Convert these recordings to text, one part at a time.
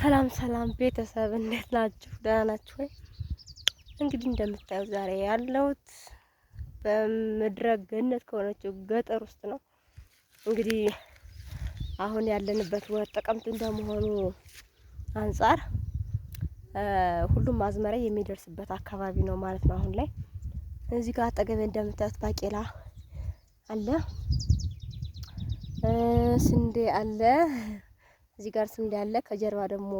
ሰላም ሰላም ቤተሰብ እንዴት ናችሁ? ደህና ናችሁ ወይ? እንግዲህ እንደምታዩ ዛሬ ያለሁት በምድረ ገነት ከሆነችው ገጠር ውስጥ ነው። እንግዲህ አሁን ያለንበት ወር ጥቅምት እንደመሆኑ አንጻር ሁሉም አዝመራ የሚደርስበት አካባቢ ነው ማለት ነው። አሁን ላይ እዚህ ጋር አጠገቤ እንደምታዩት ባቄላ አለ፣ ስንዴ አለ እዚህ ጋር ስንዴ አለ። ከጀርባ ደግሞ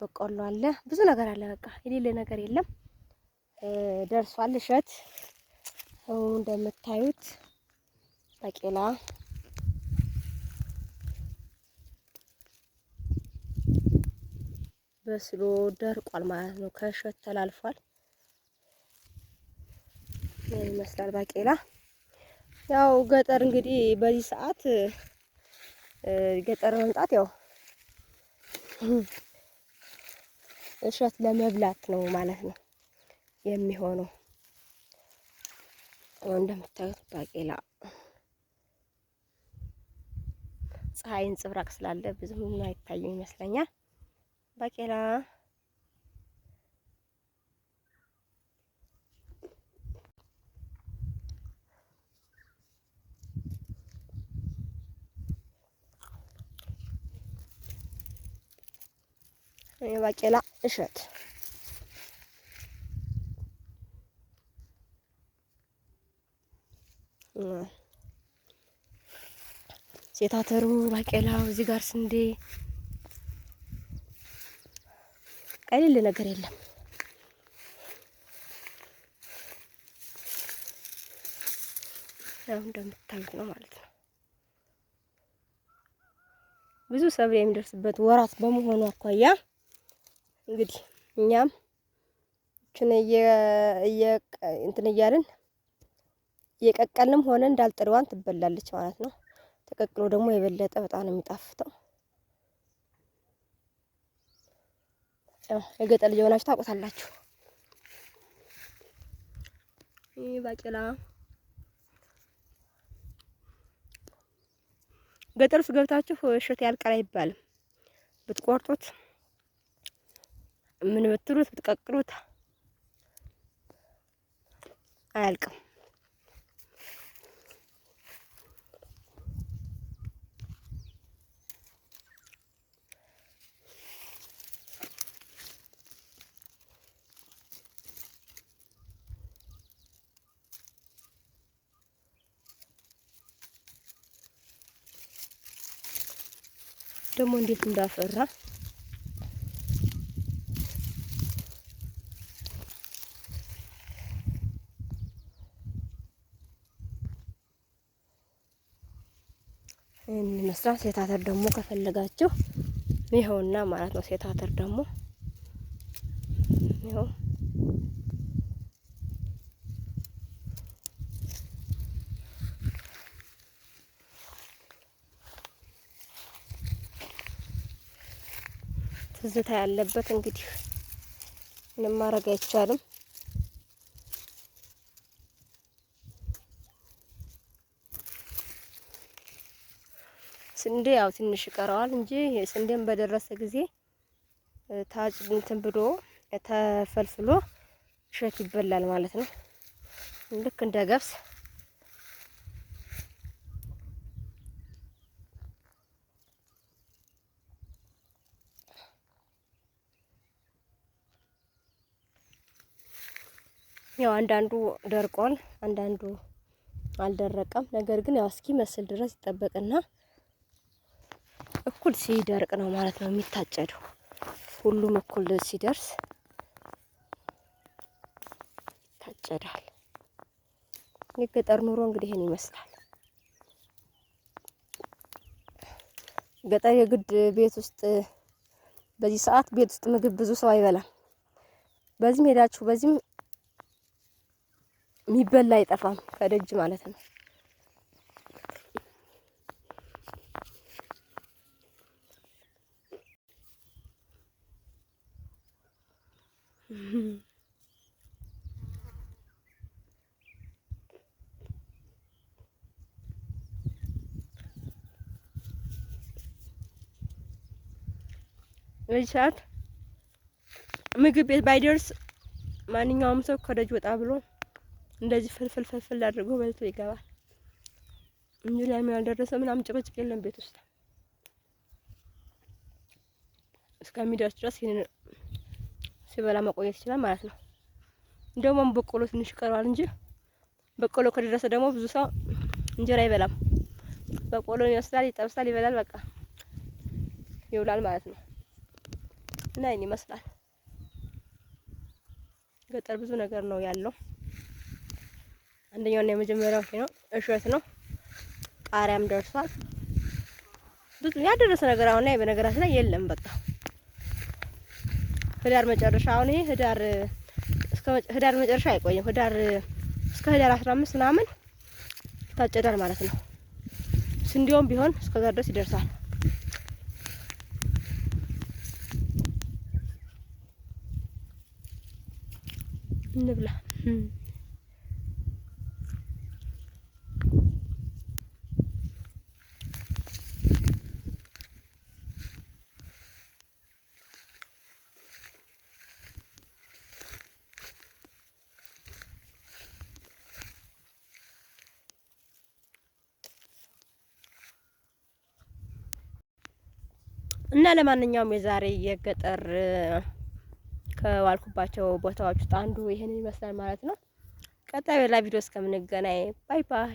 በቆሎ አለ። ብዙ ነገር አለ። በቃ የሌለ ነገር የለም። ደርሷል እሸት እንደምታዩት ባቄላ በስሎ ደርቋል ማለት ነው። ከእሸት ተላልፏል ይመስላል ባቄላ። ያው ገጠር እንግዲህ በዚህ ሰዓት ገጠር መምጣት ያው እሸት ለመብላት ነው ማለት ነው የሚሆነው። እንደምታዩት ባቄላ ፀሐይን ጽብራቅ ስላለ ብዙም አይታዩ ይመስለኛል ባቄላ የባቄላ እሸት ሴታተሩ ባቄላው እዚህ ጋር ስንዴ ቀልል ነገር የለም። ያው እንደምታዩት ነው ማለት ነው። ብዙ ሰብል የሚደርስበት ወራት በመሆኑ አኳያ እንግዲህ እኛም እችን እንትን እያልን እየቀቀልንም ሆነ እንዳልጥሬዋን ትበላለች ማለት ነው። ተቀቅሎ ደግሞ የበለጠ በጣም ነው የሚጣፍጠው። የገጠር ልጅ ሆናችሁ ታውቁታላችሁ። ይህ ባቄላ ገጠር ውስጥ ገብታችሁ እሸት ያልቀር አይባልም ብትቆርጡት ምን ብትሉት ብትቀቅሉት አያልቅም። ደግሞ እንዴት እንዳፈራ ይመስላል። ሴት አተር ደግሞ ከፈለጋችሁ ይኸውና ማለት ነው። ሴት አተር ደግሞ ይኸው ትዝታ ያለበት እንግዲህ ምንም ማድረግ አይቻልም። ስንዴ ያው ትንሽ ይቀረዋል እንጂ ስንዴም በደረሰ ጊዜ ታጭድ እንትን ብሎ ተፈልፍሎ እሸት ይበላል ማለት ነው። ልክ እንደ ገብስ ያው አንዳንዱ ደርቋል፣ አንዳንዱ አልደረቀም። ነገር ግን ያው እስኪ መስል ድረስ ይጠበቅና እኩል ሲደርቅ ነው ማለት ነው የሚታጨደው። ሁሉም እኩል ሲደርስ ይታጨዳል። የገጠር ኑሮ እንግዲህ ይህን ይመስላል። ገጠር የግድ ቤት ውስጥ በዚህ ሰዓት ቤት ውስጥ ምግብ ብዙ ሰው አይበላም። በዚህም ሄዳችሁ በዚህም የሚበላ አይጠፋም ከደጅ ማለት ነው። በዚህ ሰዓት ምግብ ቤት ባይደርስ ማንኛውም ሰው ከደጅ ወጣ ብሎ እንደዚህ ፍልፍል ፍልፍል አድርጎ በልቶ ይገባል እንጂ ላይም ያልደረሰ ምናምን ጭቅጭቅ የለም ቤት ውስጥ እስከሚደርስ ድረስ ሲበላ መቆየት ይችላል ማለት ነው። እንደውም በቆሎ ትንሽ ይቀረዋል እንጂ በቆሎ ከደረሰ ደግሞ ብዙ ሰው እንጀራ አይበላም። በቆሎ ይወስዳል፣ ይጠብሳል፣ ይበላል፣ በቃ ይውላል ማለት ነው። እና ይህን ይመስላል። ገጠር ብዙ ነገር ነው ያለው። አንደኛውና የመጀመሪያው ይሄ ነው፣ እሸት ነው። ቃሪያም ደርሷል። ብዙ ያደረሰ ነገር አሁን ላይ በነገራችን ላይ የለም በቃ ህዳር መጨረሻ አሁን ይሄ ህዳር እስከ ህዳር መጨረሻ አይቆይም። ህዳር እስከ ህዳር 15 ምናምን ታጨዳል ማለት ነው። ስንዴውም ቢሆን እስከዛ ድረስ ይደርሳል። እንብላ እና ለማንኛውም የዛሬ የገጠር ከዋልኩባቸው ቦታዎች ውስጥ አንዱ ይሄንን ይመስላል ማለት ነው። ቀጣይ ሌላ ቪዲዮ እስከምንገናኝ ባይ ባይ።